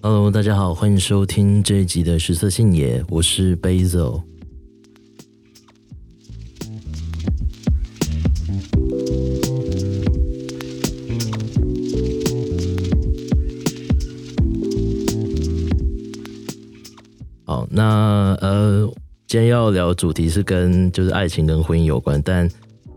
Hello，大家好，歡迎收聽這一集的食色性也，我是 Basil。好，那呃，今天要聊主題是跟就是愛情跟婚姻有關，但。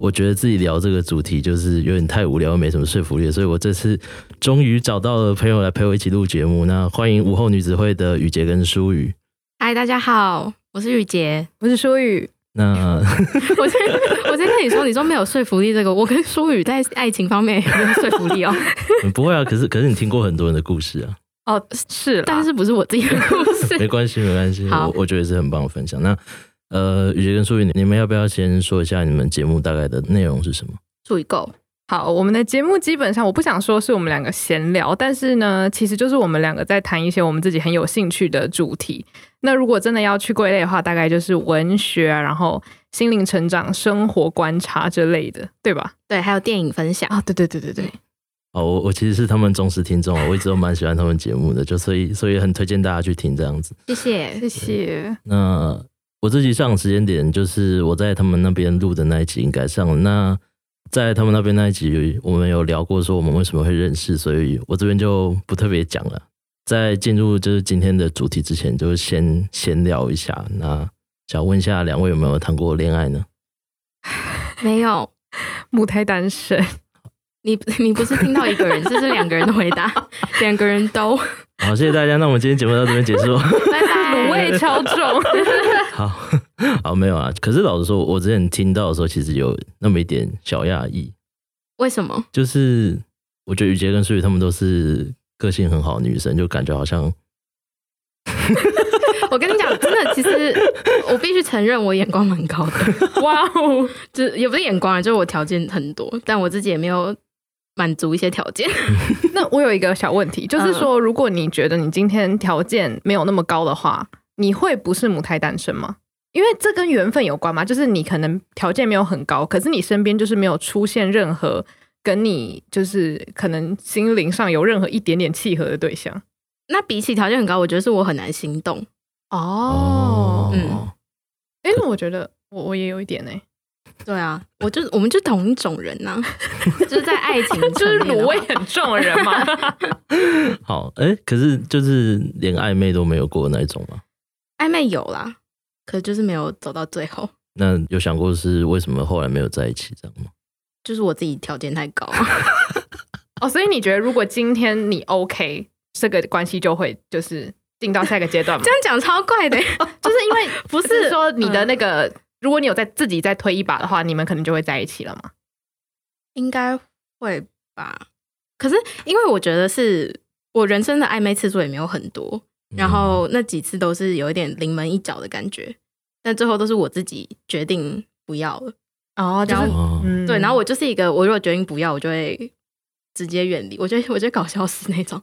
我覺得自己聊這個主題就是有點太無聊，沒什麼說服力，所以我這次終於找到了朋友來陪我一起錄節目。那歡迎午後女子會的語婕跟書宇。嗨，大家好，我是語婕，我是書宇。那 我先我先跟你說，你說沒有說服力這個，我跟書宇在愛情方面有沒有說服力哦。 不會啊，可是可是你聽過很多人的故事啊。哦，是，但是不是我自己的故事？ 沒關係，沒關係，好我我覺得也是很棒的分享。那。呃，語婕跟書宇，你們要不要先說一下你們節目大概的內容是什麼？注意夠。好，我們的節目基本上我不想說是我們兩個閒聊，但是呢，其實就是我們兩個在談一些我們自己很有興趣的主題。那如果真的要去歸類的話，大概就是文學啊，然後心靈成長、生活觀察之類的，對吧？對，還有電影分享啊、哦，對對對對對。哦，我我其實是他們忠實聽眾，我一直都蠻喜歡他們節目的， 就所以所以很推薦大家去聽這樣子。謝謝謝謝。對謝謝那。我自己上的時間點就是我在他們那邊錄的那一集應該上了。那在他們那邊那一集，我們有聊過說我們為什麼會認識，所以我這邊就不特別講了。在進入就是今天的主題之前，就先先聊一下。那想問一下兩位有沒有談過戀愛呢？沒有，母胎單身。你你不是聽到一個人，這是兩個人的回答，兩 個人都。好，謝謝大家。那我們今天節目到這邊結束。那滷味超重。 好，好，沒有啊。可是老實說，我之前聽到的時候，其實有那麼一點小訝異。為什麼？就是我覺得語婕跟書宇他們都是個性很好的女生，就感覺好像。 我跟你講，真的， 其實我必須承認，我眼光蠻高的。哇哦 Wow，就是也不是眼光啊，就是我條件很多，但我自己也沒有滿足一些條件。 那我有一個小問題，就是說，如果你覺得你今天條件沒有那麼高的話。你會不是母胎單身嗎？因為這跟緣分有關嘛，就是你可能條件沒有很高，可是你身邊就是沒有出現任何跟你就是可能心靈上有任何一點點契合的對象。那比起條件很高，我覺得是我很難心動哦。嗯，哎、欸，那我覺得我我也有一點哎、欸。可 對啊，我就我們就同一種人吶、啊， 就是在愛情就是滷味很重的人嘛。 好，哎、欸，可是就是連曖昧都沒有過那一種嗎、啊？曖昧有啦，可就是沒有走到最後。那有想過是為什麼後來沒有在一起，這樣嗎？就是我自己條件太高。 哦，所以你覺得如果今天你 OK， 這個關係就會就是進到下一個階段嗎？這樣講超怪的， 就是因為不是，是說你的那個，嗯、如果你有再自己再推一把的話，你們可能就會在一起了嗎？應該會吧。可是因為我覺得是我人生的曖昧次數也沒有很多。然後那幾次都是有一點臨門一腳的感覺，嗯、但最後都是我自己決定不要了。Oh, 就是、哦，就對，嗯、然後我就是一個，我如果決定不要，我就會直接遠離。我覺得我覺得搞笑死那種。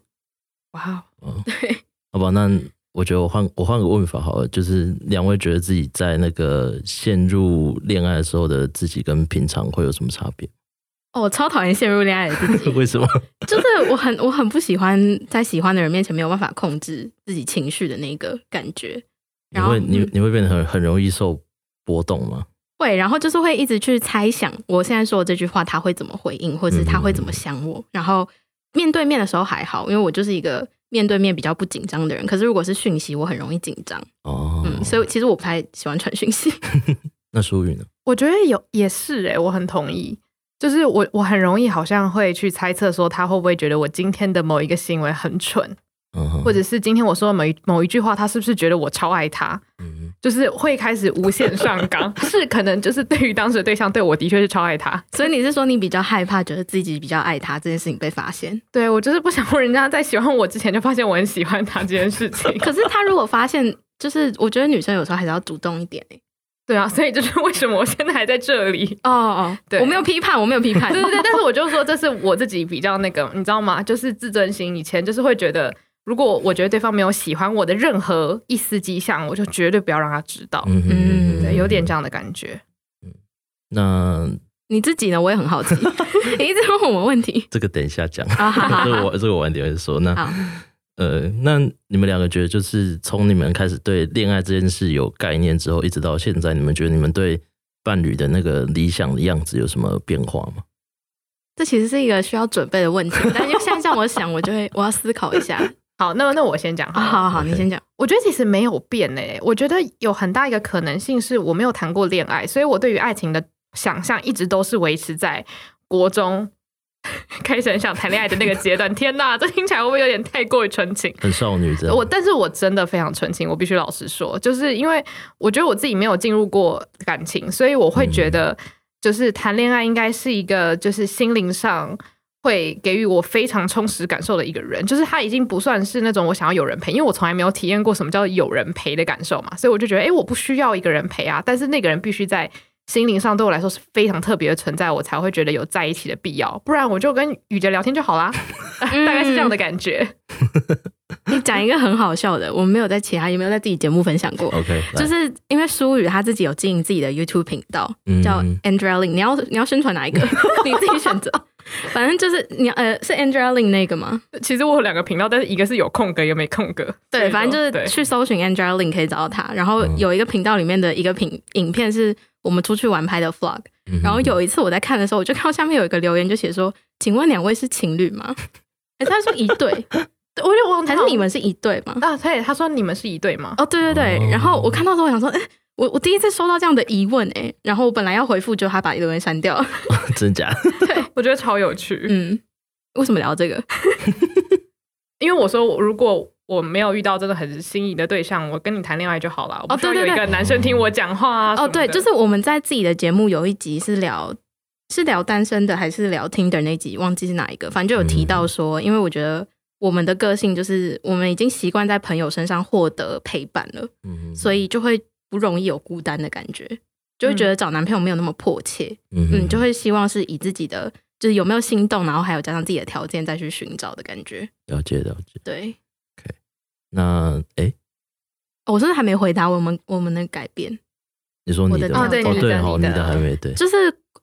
哇、wow，哦，對。好吧，那我覺得我換我換個問法好了，就是兩位覺得自己在那個陷入戀愛的時候的自己，跟平常會有什麼差別？我、哦、超討厭陷入戀愛的自己 為什麼？就是我很我很不喜歡在喜歡的人面前沒有辦法控制自己情緒的那個感覺。然後你會你你會變得很很容易受波動嗎、嗯？會，然後就是會一直去猜想我現在說的這句話他會怎麼回應，或者是他會怎麼想我。嗯、然後面對面的時候還好，因為我就是一個面對面比較不緊張的人。可是如果是訊息，我很容易緊張。哦，嗯，所以其實我不太喜歡傳訊息。 那書宇呢？我覺得有也是誒、欸，我很同意。就是我，我很容易好像會去猜測說他會不會覺得我今天的某一個行為很蠢，oh, oh, oh. 或者是今天我說的某一某一句話，他是不是覺得我超愛他？嗯、mm，hmm. 就是會開始無限上綱， 不是可能就是對於當時的對象，對我的確是超愛他。所以你是說你比較害怕，就是自己比較愛他這件事情被發現？對，我就是不想問人家在喜歡我之前就發現我很喜歡他這件事情。 可是他如果發現，就是我覺得女生有時候還是要主動一點、欸對啊，所以就是為什麼我現在還在這裡哦哦，對我沒有批判，我沒有批判，對對對， 但是我就說這是我自己比較那個，你知道嗎？就是自尊心，以前就是會覺得，如果我覺得對方沒有喜歡我的任何一絲跡象，我就絕對不要讓他知道，嗯哼嗯哼，對，有點這樣的感覺。嗯那，那你自己呢？我也很好奇， 你一直問我們問題，這個等一下講， 這個我這個我晚點會說。那好。呃，那你們兩個覺得，就是從你們開始對戀愛這件事有概念之後，一直到現在，你們覺得你們對伴侶的那個理想的樣子有什麼變化嗎？這其實是一個需要準備的問題，但就像這樣我想，我就會 我要思考一下。 好，那那我先講、哦，好好好，Okay. 你先講。我覺得其實沒有變誒、欸，我覺得有很大一個可能性是我沒有談過戀愛，所以我對於愛情的想象一直都是維持在國中。 開始很想談戀愛的那個階段，天哪，這聽起來會不會有點太過於純情？很少女的我，但是我真的非常純情，我必須老實說，就是因為我覺得我自己沒有進入過感情，所以我會覺得，就是談戀愛應該是一個就是心靈上會給予我非常充實感受的一個人，就是他已經不算是那種我想要有人陪，因為我從來沒有體驗過什麼叫有人陪的感受嘛，所以我就覺得，哎、欸，我不需要一個人陪啊，但是那個人必須在。心靈上對我來說是非常特別的存在，我才會覺得有在一起的必要。不然我就跟語婕聊天就好啦， 大概是這樣的感覺。嗯、 你講一個很好笑的，我沒有在其他也沒有在自己節目分享過？OK，就是因為書宇他自己有經營自己的 YouTube 頻道，嗯、叫 Andrelling。你要你要宣傳哪一個？ 你自己選擇。反正就是你呃，是 Andrea Lin 那個嗎？其實我有兩個頻道，但是一個是有空格，一個沒空格。對，反正就是去搜尋 Andrea Lin 可以找到他。然後有一個頻道裡面的一個影片是我們出去玩拍的 vlog、嗯哼。然後有一次我在看的時候，我就看到下面有一個留言，就寫說：“請問兩位是情侶嗎？”哎、欸，他說一對， 我就我，他說你，好你們是一對嗎？啊，對，他說你們是一對嗎？哦，對對對。然後我看到的時候我想說，哎、欸。我我第一次收到這樣的疑問，哎、欸，然後我本來要回復，就他把一個人刪掉。真假？ 對，我覺得超有趣。嗯，為什麼聊這個？ 因為我說，如果我沒有遇到這個很心儀的對象，我跟你談戀愛就好了。哦，對。有一個男生聽我講話、啊哦對對對。哦，對，就是我們在自己的節目有一集是聊，是聊單身的，還是聊 Tinder 那集？忘記是哪一個，反正就有提到說，嗯、因為我覺得我們的個性就是我們已經習慣在朋友身上獲得陪伴了，嗯，所以就會。不容易有孤單的感覺，就會覺得找男朋友沒有那麼迫切，嗯，哼哼嗯，就會希望是以自己的就是有沒有心動，然後還有加上自己的條件再去尋找的感覺。了解了解，了解對。Okay. 那哎，我、欸哦、是不是還沒回答我們我們的改變？你說你的，的，哦，的哦，對你的還沒對，就是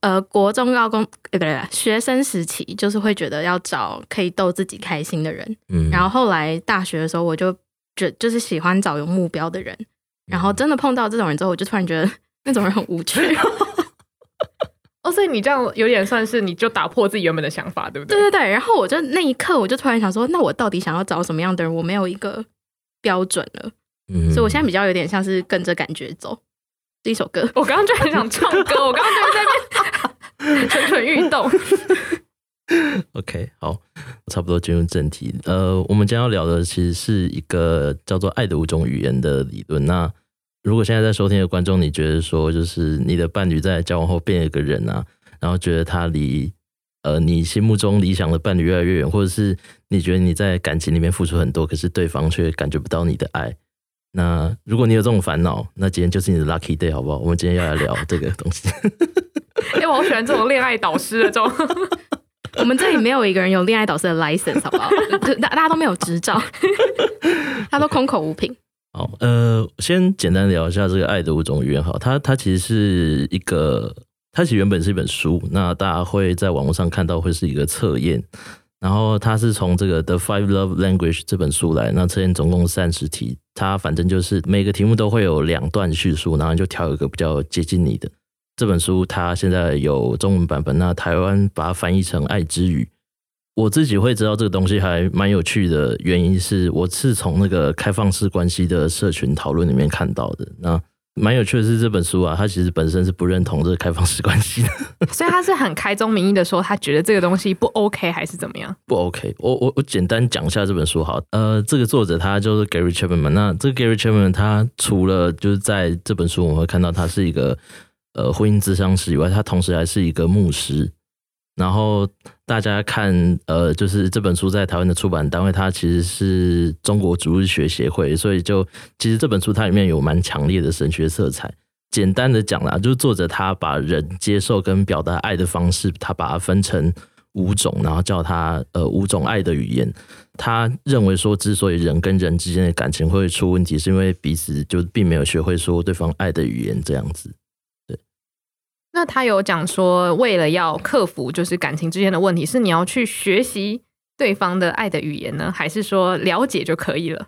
呃，國中高工、高、中，不對，學生時期就是會覺得要找可以逗自己開心的人，嗯哼，然後後來大學的時候，我就就就是喜歡找有目標的人。然後真的碰到這種人之後，我就突然覺得那種人很無趣。 哦，所以你這樣有點算是你就打破自己原本的想法，對不對？對對對。然後我就那一刻，我就突然想說，那我到底想要找什麼樣的人？我沒有一個標準了。嗯。所以我現在比較有點像是跟着感覺走。第一首歌，我剛剛就很想唱歌， 我剛剛就在那邊 蠢蠢欲動。 OK，好。差不多進入正題，呃，我們將要聊的其實是一個叫做“愛的五種語言”的理論。那如果現在在收聽的觀眾，你覺得說就是你的伴侶在交往後變了個人啊，然後覺得他離呃你心目中理想的伴侶越來越遠，或者是你覺得你在感情裡面付出很多，可是對方卻感覺不到你的愛，那如果你有這種煩惱，那今天就是你的 lucky day 好不好？我們今天要來聊這個東西。哎、 欸，我好喜歡這種戀愛導師的這種。 我們這裡沒有一個人有戀愛導師的 license，好不好？大大家都沒有執照， 他都空口無憑。Okay. 好，呃，先簡單聊一下這個愛的五種語言。好，它它其實是一個，它其實原本是一本書。那大家會在網絡上看到會是一個測驗，然後它是從這個 The Five Love Language 這本書來。那測驗總共三十題，它反正就是每個題目都會有兩段敘述，然後你就挑一個比較接近你的。這本書它現在有中文版本，那台灣把它翻譯成《愛之語》。我自己會知道這個東西還蠻有趣的，原因是我是從那個開放式關係的社群討論裡面看到的。那蠻有趣的是這本書啊，它其實本身是不認同這個開放式關係的，所以他是很開宗明義的說，他覺得這個東西不 OK 還是怎麼樣？不 OK。我我我簡單講一下這本書好。呃，這個作者他就是 Gary Chapman。那這個 Gary Chapman 他除了就是在這本書我們會看到他是一個。呃，婚姻諮詢師以外，他同時還是一個牧師。然後大家看，呃，就是這本書在台灣的出版單位，它其實是中國主日學協會。所以就其實這本書它裡面有蠻強烈的神學色彩。簡單的講啦，就是作者他把人接受跟表達愛的方式，他把它分成五種，然後叫他呃五種愛的語言。他認為說，之所以人跟人之間的感情會出問題，是因為彼此就並沒有學會說對方愛的語言這樣子。那他有講說，為了要克服就是感情之間的問題，是你要去學習對方的愛的語言呢？還是說了解就可以了？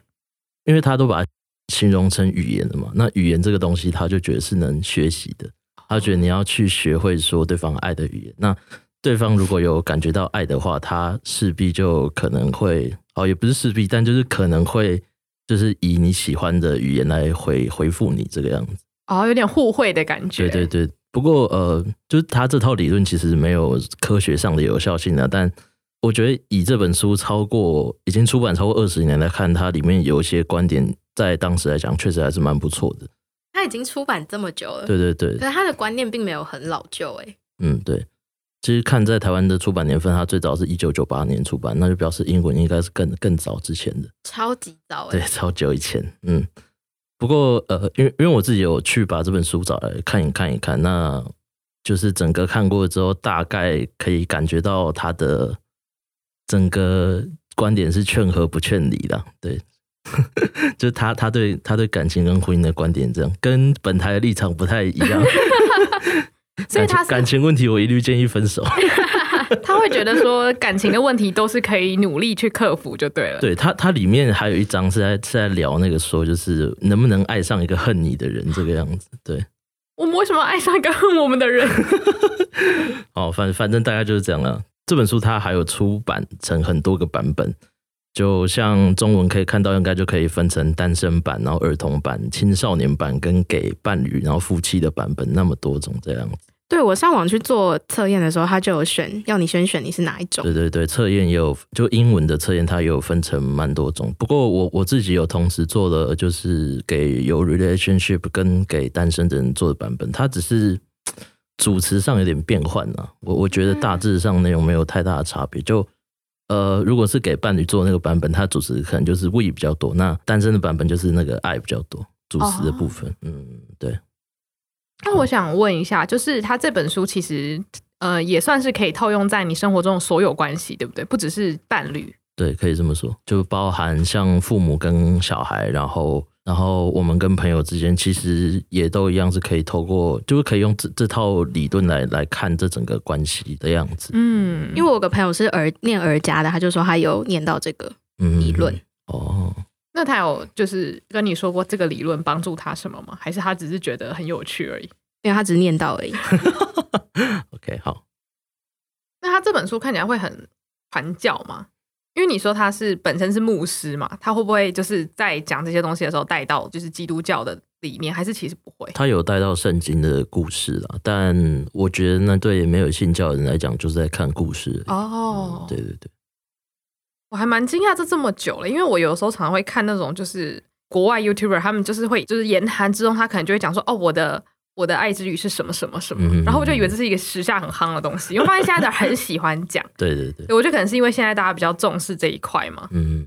因為他都把它形容成語言了嘛，那語言這個東西，他就覺得是能學習的。他覺得你要去學會說對方愛的語言。那對方如果有感覺到愛的話，他勢必就可能會哦，也不是勢必，但就是可能會，就是以你喜歡的語言來回回復你這個樣子。哦，有點互惠的感覺。對對對。不過，呃，就是他這套理論其實沒有科學上的有效性的啊，但我覺得以這本書超過已經出版超過二十年來看，它裡面，有一些觀點，在當時來講，確實還是蠻不錯的。他已經出版這麼久了，對對對，可是他的觀念並沒有很老舊欸。嗯，對。其實看在台灣的出版年份，他最早是一九九八年出版，那就表示英文應該是更更早之前的，超級早欸，對，超久以前，嗯。不過，呃，因為因為我自己有去把這本書找來看一看一看，那就是整個看過之後，大概可以感覺到他的整個觀點是勸和不勸離的，對， 就是他他對他對感情跟婚姻的觀點，這樣跟本台的立場不太一樣， 情所以他感情問題我一律建議分手。 他會覺得說感情的問題都是可以努力去克服就對了。對，他，他裡面還有一章是在是在聊那個說就是能不能愛上一個恨你的人這個樣子。對，我們為什麼愛上一個恨我們的人？ 哦，反反正大概就是這樣了。這本書它還有出版成很多個版本，就像中文可以看到，應該就可以分成單身版、然後兒童版、青少年版跟給伴侶然後夫妻的版本那麼多種這樣子。對我上網去做測驗的時候，他就有選要你先選你是哪一種。對對對，測驗也有，就英文的測驗，它也有分成蠻多種。不過我我自己有同時做了，就是給有 relationship 跟給單身的人做的版本，它只是主詞上有點變換啊。我我覺得大致上內容沒有太大的差別。嗯、就呃，如果是給伴侶做那個版本，它主詞可能就是 we 比較多；那單身的版本就是那個 I 比較多主詞的部分。哦、嗯，對。那我想問一下，哦、就是他這本書其實，呃，也算是可以套用在你生活中所有關係，對不對？不只是伴侶。對，可以這麼說，就包含像父母跟小孩，然後，然後我們跟朋友之間，其實也都一樣是可以透過，就是可以用這這套理論來來看這整個關係的樣子。嗯，因為我有個朋友是兒念兒家的，他就說他有念到這個、嗯、理論。那他有就是跟你說過這個理論幫助他什麼嗎？還是他只是覺得很有趣而已？因為他只是念到而已。 OK，好。那他這本書看起來會很傳教嗎？因為你說他是本身是牧師嘛，他會不會就是在講這些東西的時候帶到就是基督教的裡面？還是其實不會？他有帶到聖經的故事啊，但我覺得那對沒有信教的人來講，就是在看故事哦、oh. 嗯。對對對。我還蠻驚訝，這這麼久了，因為我有時候常常會看那種就是國外 YouTuber，他們就是會就是言談之中，他可能就會講說哦，我的我的愛之語是什麼什麼什麼，嗯、哼然後我就以為這是一個時下很夯的東西，嗯、哼因為發現現在的人很喜歡講。 對對對，我覺得可能是因為現在大家比較重視這一塊嘛。嗯，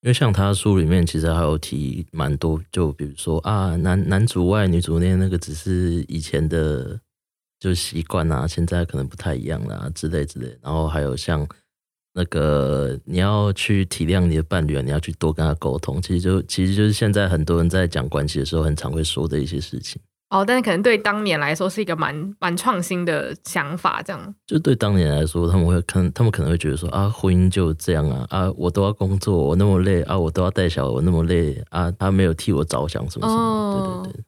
因為像他書裡面其實還有提蠻多，就比如說啊，男男主外女主內那個只是以前的就習慣啊，現在可能不太一樣啦、啊、之類之類，然後還有像。那個你要去體諒你的伴侶，你要去多跟他溝通。其實就其實就是現在很多人在講關係的時候，很常會說的一些事情。哦，但是可能對當年來說是一個蠻蠻創新的想法，這樣。就對當年來說，他們會可能他們可能會覺得說啊，婚姻就這樣啊啊，我都要工作，我那麼累啊，我都要帶小孩，我那麼累啊，他沒有替我着想什麼什麼。哦，對對對。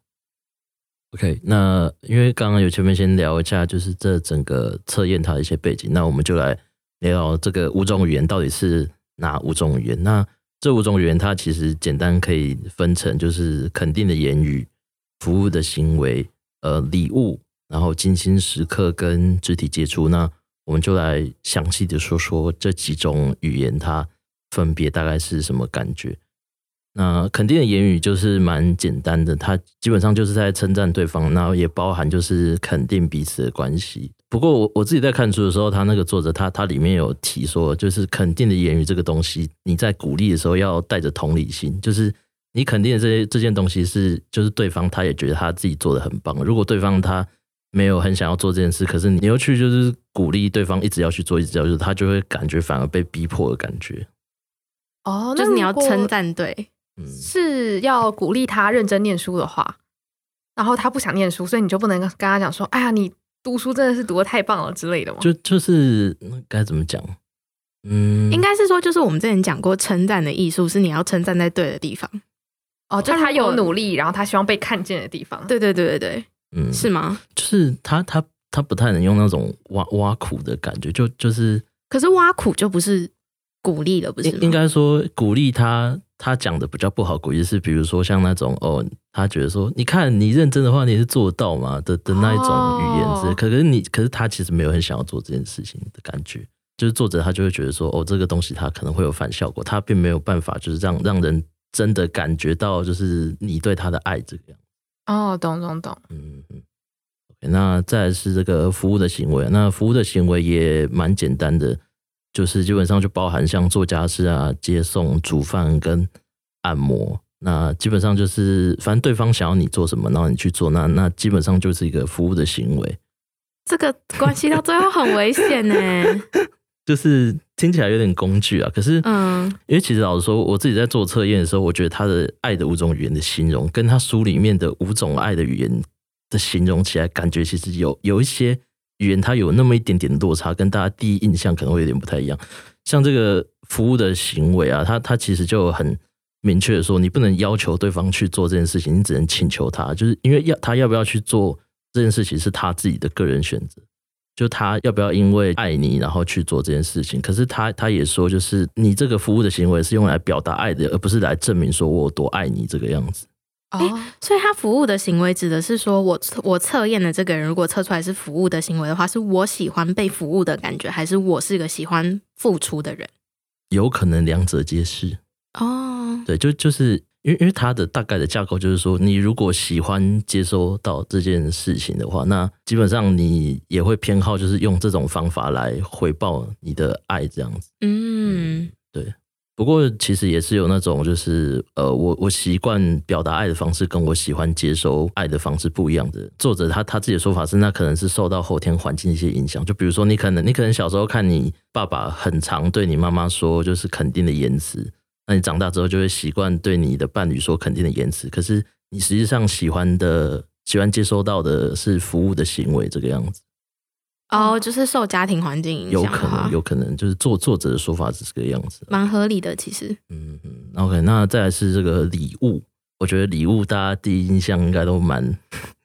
OK，那因為剛剛有前面先聊一下，就是這整個測驗他的一些背景，那我們就來。沒有，這個五種語言到底是哪五種語言？那這五種語言它其實簡單可以分成，就是肯定的言語、服務的行為、呃禮物，然後精心時刻跟肢體接觸。那我們就來詳細的說說這幾種語言，它分別大概是什麼感覺？那肯定的言語就是蠻簡單的，它基本上就是在稱讚對方，然後也包含就是肯定彼此的關係。不過我我自己在看書的時候，他那個作者他他裡面有提說，就是肯定的言語這個東西，你在鼓勵的時候要帶着同理心，就是你肯定的這些這件東西是，就是對方他也覺得他自己做的很棒。如果對方他沒有很想要做這件事，可是你又去就是鼓勵對方一直要去做，一直要去做，他就會感覺反而被逼迫的感覺。哦，就是你要稱讚對，嗯，是要鼓勵他認真念書的話，然後他不想念書，所以你就不能跟他講說，哎呀你。讀書真的是讀得太棒了之類的嗎？就就是該怎麼講？嗯，應該是說，就是我們之前講過稱讚的藝術，是你要稱讚在對的地方。哦，就是他有努力，哦、然後，然後他希望被看見的地方。對對對對對，嗯，是嗎？就是他他他不太能用那種挖挖苦的感覺，就就是。可是挖苦就不是鼓勵了，不是？應該說鼓勵他。他講的比較不好，估計是比如說像那種哦，他覺得說，你看你認真的話，你是做到嘛，的的那一種語言，是、哦、可是你，可是他其實沒有很想要做這件事情的感覺，就是作者他就會覺得說，哦，這個東西他可能會有反效果，他並沒有辦法就是讓讓人真的感覺到就是你對他的愛這個樣子。哦，懂懂懂，嗯嗯嗯。嗯 okay, 那再來是這個服務的行為，那服務的行為也蠻簡單的。就是基本上就包含像做家事啊、接送、煮飯跟按摩。那基本上就是，反正對方想要你做什麼，然後你去做，那那基本上就是一個服務的行為。這個關係到最後很危險耶， 就是聽起來有點工具啊。可是，嗯，因為其實老實說，我自己在做測驗的時候，我覺得他的《愛的五種語言》的形容，跟他書裡面的五種愛的語言的形容起來，感覺其實有有一些。語言它，有那麼一點點的落差，跟大家第一印象可能會有點不太一樣。像這個服務的行為啊，他他其實就很明確的說，你不能要求對方去做這件事情，你只能請求他。就是因為要他要不要去做這件事情是他自己的個人選擇，就他要不要因為愛你然後去做這件事情。可是他他也說，就是你這個服務的行為是用來表達愛的，而不是來證明說我有多愛你這個樣子。哦、欸，所以他服務的行為指的是說我，我我測驗的這個人如果測出來是服務的行為的話，是我喜歡被服務的感覺，還是我是個喜歡付出的人？有可能兩者皆是哦。對，就就是因為因為它的大概的架構就是說，你如果喜歡接收到這件事情的話，那基本上你也會偏好就是用這種方法來回報你的愛這樣子。嗯，嗯，對。不過，其實也是有那種，就是呃，我我習慣表達愛的方式，跟我喜歡接收愛的方式不一樣的。作者他他自己的說法是，那可能是受到後天環境一些影響。就比如說，你可能你可能小時候看你爸爸很常對你媽媽說就是肯定的言辭，那你長大之後就會習慣對你的伴侶說肯定的言辭。可是你實際上喜歡的、喜歡接收到的是服務的行為，這個樣子。哦，oh, 就是受家庭環境影響，有可能，啊、有可能，就是作作者的說法是這個樣子，蠻合理的，其實。嗯嗯，OK，那再來是這個禮物，我覺得禮物大家第一印象應該都蠻，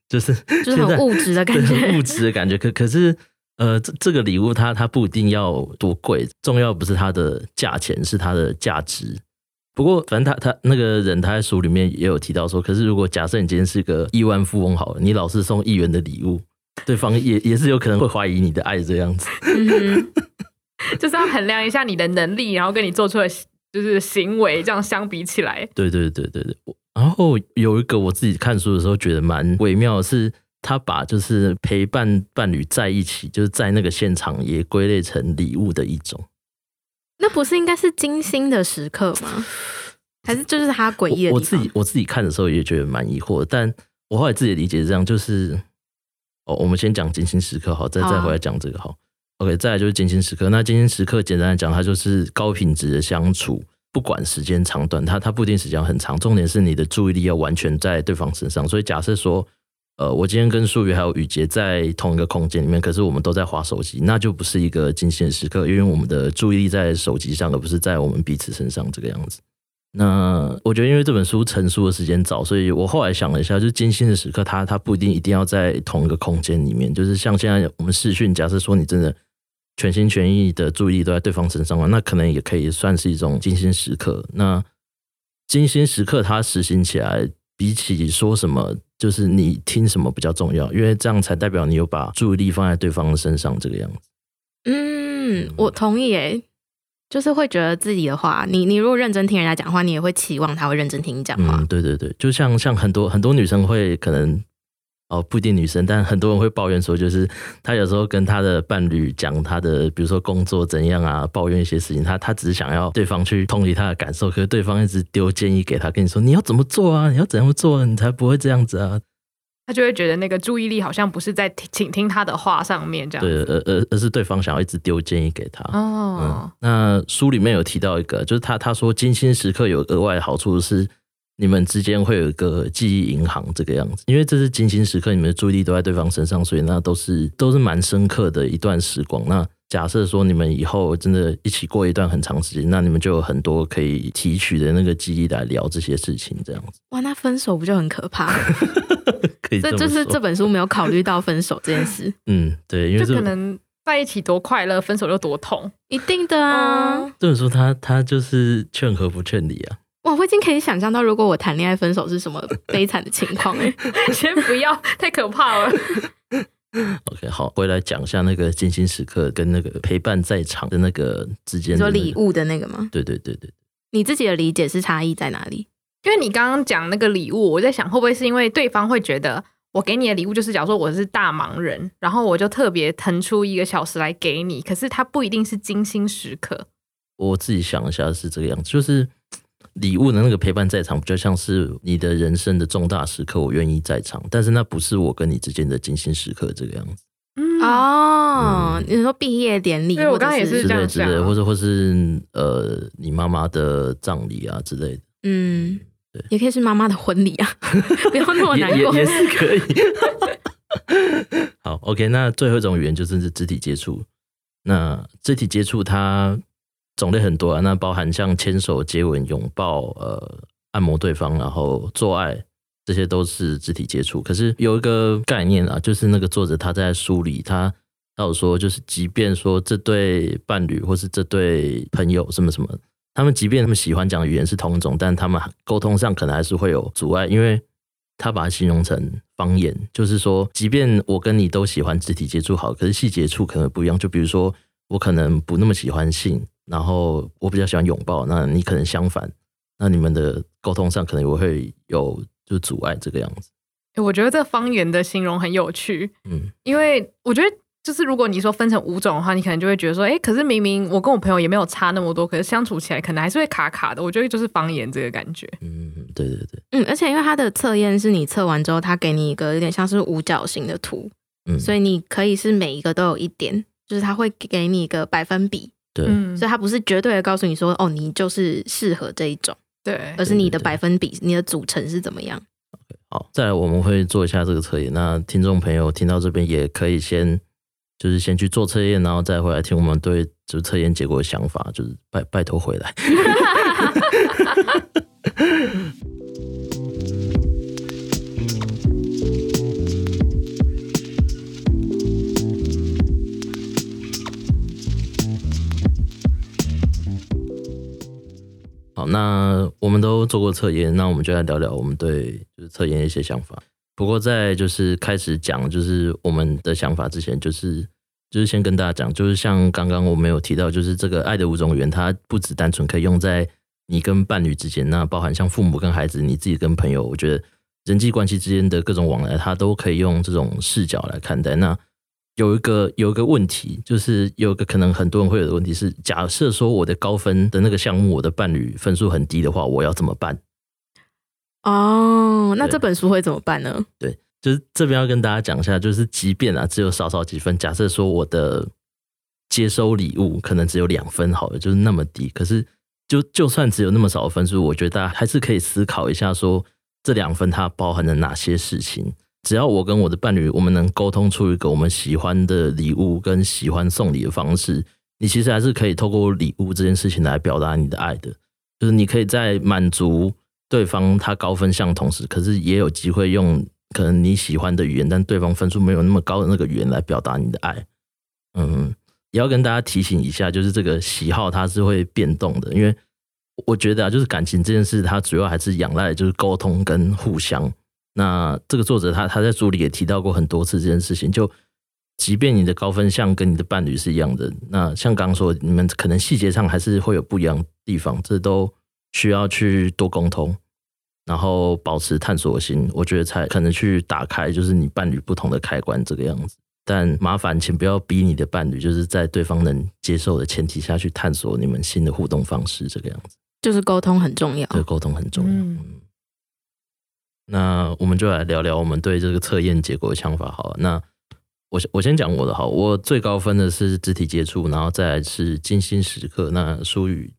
就是就是很物質的感覺，很物質的感覺。可可是，呃，這這個禮物它它不一定要多貴，重要不是它的價錢，是它的價值。不過，反正他他那個人他在書裡面也有提到說，可是如果假設你今天是個億萬富翁，好了，你老是送一元的禮物。對方也也是有可能會懷疑你的愛這樣子、 嗯，就是要衡量一下你的能力，然後跟你做出的就是行為這樣相比起來。對對對對對。然後有一個我自己看書的時候覺得蠻微妙的，是他把就是陪伴伴侶在一起，就是在那個現場也歸類成禮物的一種。那不是應該是精心的時刻嗎？還是就是他詭異的？我自己我自己看的時候也覺得蠻疑惑的，但我後來自己理解是這樣，就是。哦，oh, 我們先講精心時刻，好，再再回來講這個好，好、oh.，OK。再來就是精心時刻，那精心時刻，簡單來講，它就是高品質的相處，不管時間長短，它它不一定時間很長，重點是你的注意力要完全在對方身上。所以假設說，呃，我今天跟書宇還有語婕在同一個空間裡面，可是我們都在滑手機，那就不是一個精心時刻，因為我們的注意力在手機上，而不是在我們彼此身上這個樣子。那我覺得，因為這本書成書的時間早，所以我後來想了一下，就是精心的時刻它，它它不一定一定要在同一個空間裡面。就是像現在我們視訊，假設說你真的全心全意的注意力都在對方身上了，那可能也可以算是一種精心時刻。那精心時刻它實行起來，比起說什麼就是你聽什麼比較重要，因為這樣才代表你有把注意力放在對方的身上這個樣子。嗯，我同意誒。就是會覺得自己的話，你你如果認真聽人家講話，你也會期望他會認真聽你講話。嗯，對對對，就像像很多很多女生會可能哦，不一定女生，但很多人會抱怨說，就是她有時候跟她的伴侶講她的，比如說工作怎樣啊，抱怨一些事情，她她只是想要對方去同理她的感受，可是對方一直丟建議給她，跟你說你要怎麼做啊，你要怎樣做啊，你才不會這樣子啊。他就會覺得那個注意力好像不是在請聽，聽他的話上面這樣子。對，而而而是對方想要一直丟建議給他。哦、嗯，那書裡面有提到一個，就是他他說，精心時刻有額外的好處是，你們之間會有一個記憶銀行這個樣子，因為這是精心時刻，你們的注意力都在對方身上，所以那都是都是蠻深刻的一段時光。那假設說你們以後真的一起過一段很長時間，那你們就有很多可以提取的那個記憶來聊這些事情，這樣子。哇，那分手不就很可怕？ 可以，這，這就是這本書沒有考慮到分手這件事。嗯，對，因為這就可能在一起多快樂，分手就多痛，一定的啊。這本書他它就是勸和不勸離啊。哇，我已經可以想象到如果我談戀愛分手是什麼悲慘的情況，欸， 先不要太可怕了。 OK，好，回來講一下那個精心時刻跟那個陪伴在場的那個之間的、那個，你說禮物的那個嗎？對對對對，你自己的理解是差異在哪裡？因為你剛剛講那個禮物，我在想會不會是因為對方會覺得我給你的禮物就是，假如說我是大忙人，然後我就特別騰出一個小時來給你，可是他不一定是精心時刻。我自己想一下是這個樣子，就是。禮物的那個陪伴在場，比較像是你的人生的重大時刻，我願意在場，但是那不是我跟你之間的精心時刻這個樣子。嗯、哦，你、嗯、說畢業典禮，我當然也是這樣想，或者或是呃，你媽媽的葬禮啊之類的。嗯，對也可以是媽媽的婚禮啊， 不要那麼難過，也，也，也是可以。 好，OK，那最後一種語言就是是肢體接觸，那肢體接觸它。種類很多啊，那包含像牽手、接吻、擁抱、呃按摩對方，然後做愛，這些都是肢體接觸。可是有一個概念啊，就是那個作者他在書裡，他他有說，就是即便說這對伴侶或是這對朋友什麼什麼，他們即便他們喜歡講的語言是同種，但他們溝通上可能還是會有阻礙，因為他把它形容成方言，就是說，即便我跟你都喜歡肢體接觸好，可是細節處可能不一樣。就比如說，我可能不那麼喜歡性。然後我比較喜歡擁抱，那你可能相反，那你們的溝通上可能也會有就阻礙這個樣子。我覺得這個方言的形容很有趣，嗯，因為我覺得就是如果你說分成五種的話，你可能就會覺得說，哎，可是明明我跟我朋友也沒有差那麼多，可是相處起來可能還是會卡卡的。我覺得就是方言這個感覺，嗯，對對對，嗯，而且因為他的測驗是你測完之後，他給你一個有點像是五角形的圖，嗯，所以你可以是每一個都有一點，就是他會給你一個百分比。對，所以他不是絕對的告訴你說，哦，你就是適合這一種，對，而是你的百分比、你的組成是怎麼樣。對對對。好，再來我們會做一下這個測驗，那聽眾朋友聽到這邊也可以先就是先去做測驗，然後再回來聽我們對就是測驗結果的想法，就是拜拜托回來。 那我們都做過測驗，那我們就來聊聊我們對就是測驗一些想法。不過在就是開始講就是我們的想法之前，就是就是先跟大家講，就是像剛剛我們有提到，就是這個愛的五種語言，它不只單純可以用在你跟伴侶之間，那包含像父母跟孩子，你自己跟朋友，我覺得人際關係之間的各種往來，它都可以用這種視角來看待。那有一個有一個問題，就是有一個可能很多人會有的問題是：假設說我的高分的那個項目，我的伴侶分數很低的話，我要怎麼辦？哦、oh, 對，那這本書會怎麼辦呢？對，就是這邊要跟大家講一下，就是即便啊，只有少少幾分，假設說我的接收禮物可能只有兩分好了，就是那麼低，可是就就算只有那麼少的分數，我覺得大家還是可以思考一下說，說這兩分它包含了哪些事情。只要我跟我的伴侶，我們能溝通出一個我們喜歡的禮物跟喜歡送禮的方式，你其實還是可以透過禮物這件事情來表達你的愛的。就是你可以在滿足對方他高分項同時，可是也有機會用可能你喜歡的語言，但對方分數沒有那麼高的那個語言來表達你的愛。嗯，也要跟大家提醒一下，就是這個喜好它是會變動的，因為我覺得啊，就是感情這件事，它主要還是仰賴就是溝通跟互相。那這個作者他他在書裡也提到過很多次這件事情，就即便你的高分項跟你的伴侶是一樣的，那像剛剛說，你們可能細節上還是會有不一樣的地方，這都需要去多溝通，然後保持探索心，我覺得才可能去打開就是你伴侶不同的開關這個樣子。但麻煩，請不要逼你的伴侶，就是在對方能接受的前提下去探索你們新的互動方式這個樣子。就是溝通很重要，對，溝通很重要。嗯那我們就來聊聊我們對這個測驗結果的想法好了。那我我先講我的好，我最高分的是肢體接觸，然後再來是精心時刻。那書宇，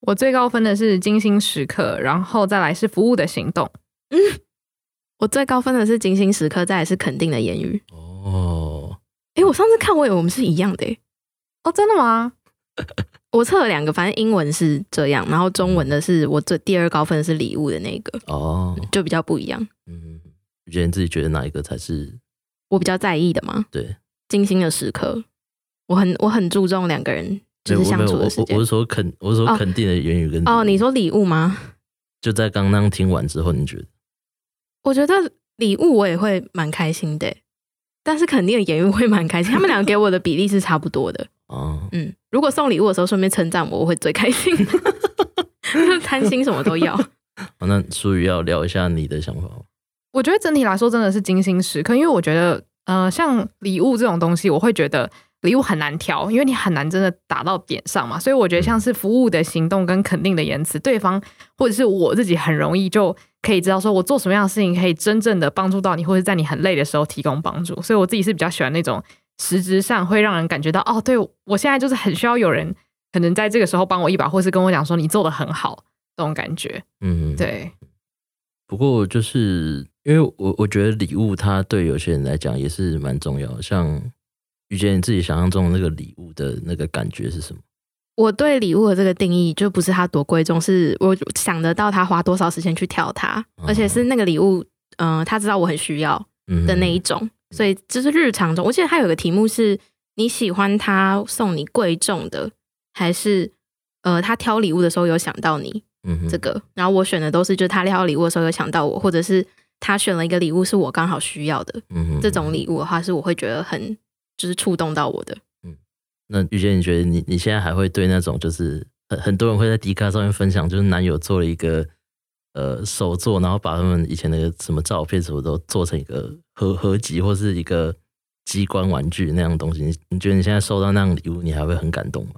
我最高分的是精心時刻，然後再來是服務的行動。嗯，我最高分的是精心時刻，再來是肯定的言語。哦，哎，我上次看我以為我們是一樣的，哦，真的嗎？ 我測了兩個，反正英文是這樣，然後中文的是我這第二高分是禮物的那個哦，就比較不一樣。嗯，你覺得自己覺得哪一個才是我比較在意的嗎？對，精心的時刻，我很我很注重兩個人就是相處的時間。我，我，我，我是說肯我是說肯定的言語跟語哦，你說禮物嗎？就在剛剛聽完之後，你覺得？我覺得禮物我也會蠻開心的，但是肯定的言語會蠻開心。他們兩個給我的比例是差不多的。哦，嗯。如果送禮物的時候順便稱讚我，我會最開心的。貪 心，什麼都要。 Oh, 那書宇要聊一下你的想法。我覺得整體來說真的是精心時刻，因為我覺得，呃，像禮物這種東西，我會覺得禮物很難挑，因為你很難真的打到點上嘛。所以我覺得像是服務的行動跟肯定的言辭，對方或者是我自己很容易就可以知道，說我做什麼樣的事情可以真正的幫助到你，或者在你很累的時候提供幫助。所以我自己是比較喜歡那種。實質上會讓人感覺到，哦，對我現在就是很需要有人，可能在這個時候幫我一把，或是跟我講說你做的很好，這種感覺，嗯，對。不過就是因為我我覺得禮物，它對有些人來講也是蠻重要。像語婕你自己想象中的那個禮物的那個感覺是什麼？我對禮物的這個定義，就不是它多貴重，是我想得到他花多少時間去挑它，啊、而且是那個禮物，嗯、呃，他知道我很需要的那一種。嗯所以就是日常中，我記得他有一個題目是：你喜歡他送你貴重的，還是呃，他挑禮物的時候有想到你、嗯、哼這個？然後我選的都是，就是他挑禮物的時候有想到我，或者是他選了一個禮物是我剛好需要的。嗯哼這種禮物的話，是我會覺得很就是觸動到我的。嗯，那語婕你覺得你你現在還會對那種就是很很多人會在迪卡上面分享，就是男友做了一個呃手作，然後把他們以前那個什麼照片什麼都做成一個。合合集，或是一個機關玩具那樣東西，你你覺得你現在收到那樣禮物，你還會很感動嗎？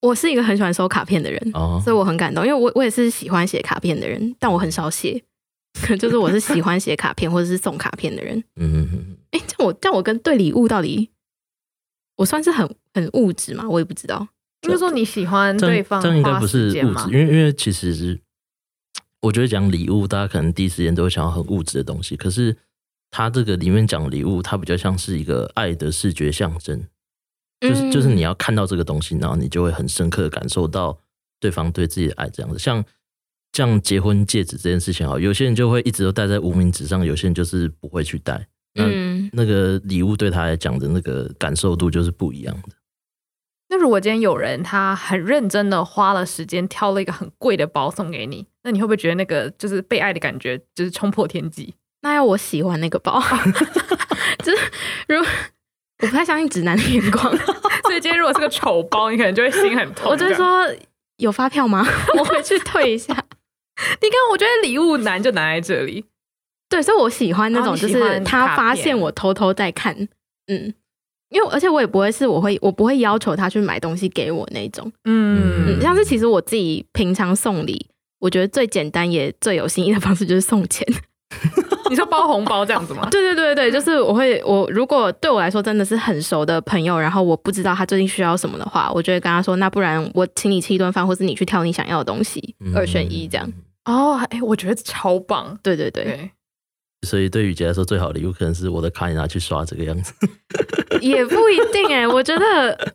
我是一個很喜歡收卡片的人啊，oh. 所以我很感動，因為我我也是喜歡寫卡片的人，但我很少寫， 就是我是喜歡寫卡片或者是送卡片的人。嗯嗯嗯，哎，叫我但我跟對禮物到底，我算是很很物質嗎我也不知道。這因為說你喜歡對方，這應該不是物質，因為因為其實是我覺得講禮物，大家可能第一時間都會想到很物質的東西，可是。他這個裡面講禮物，它比較像是一個愛的視覺象徵，嗯、就是就是你要看到這個東西，然後你就會很深刻的感受到對方對自己的愛。這樣子，像像結婚戒指這件事情啊，有些人就會一直都戴在無名指上，有些人就是不會去戴。那嗯，那個禮物對他來講的那個感受度就是不一樣的。那如果今天有人他很認真的花了時間挑了一個很貴的包送給你，那你會不會覺得那個就是被愛的感覺，就是衝破天際？那要我喜歡那個包， 就是如果我不太相信直男的眼光， 所以今天如果是個醜包，你可能就會心很痛。我就說，有發票嗎？ 我回去退一下。 你看，我覺得禮物難就難在這裡。對，所以我喜歡那種，就是他發現我偷偷在看，嗯，因為而且我也不會是我會我不會要求他去買東西給我那種，嗯，嗯，像是其實我自己平常送禮，我覺得最簡單也最有心意的方式就是送錢。你說包紅包這樣子嗎？ 對對對對，就是我會我如果對我來說真的是很熟的朋友，然後我不知道他最近需要什麼的話，我就會跟他說：“那不然我請你吃一頓飯，或是你去挑你想要的東西，二選一這樣。嗯”哦，哎，我覺得超棒！對對對，Okay. 所以對於姐來說，最好的禮物可能是我的卡你拿去刷這個樣子， 也不一定哎、欸。我覺得，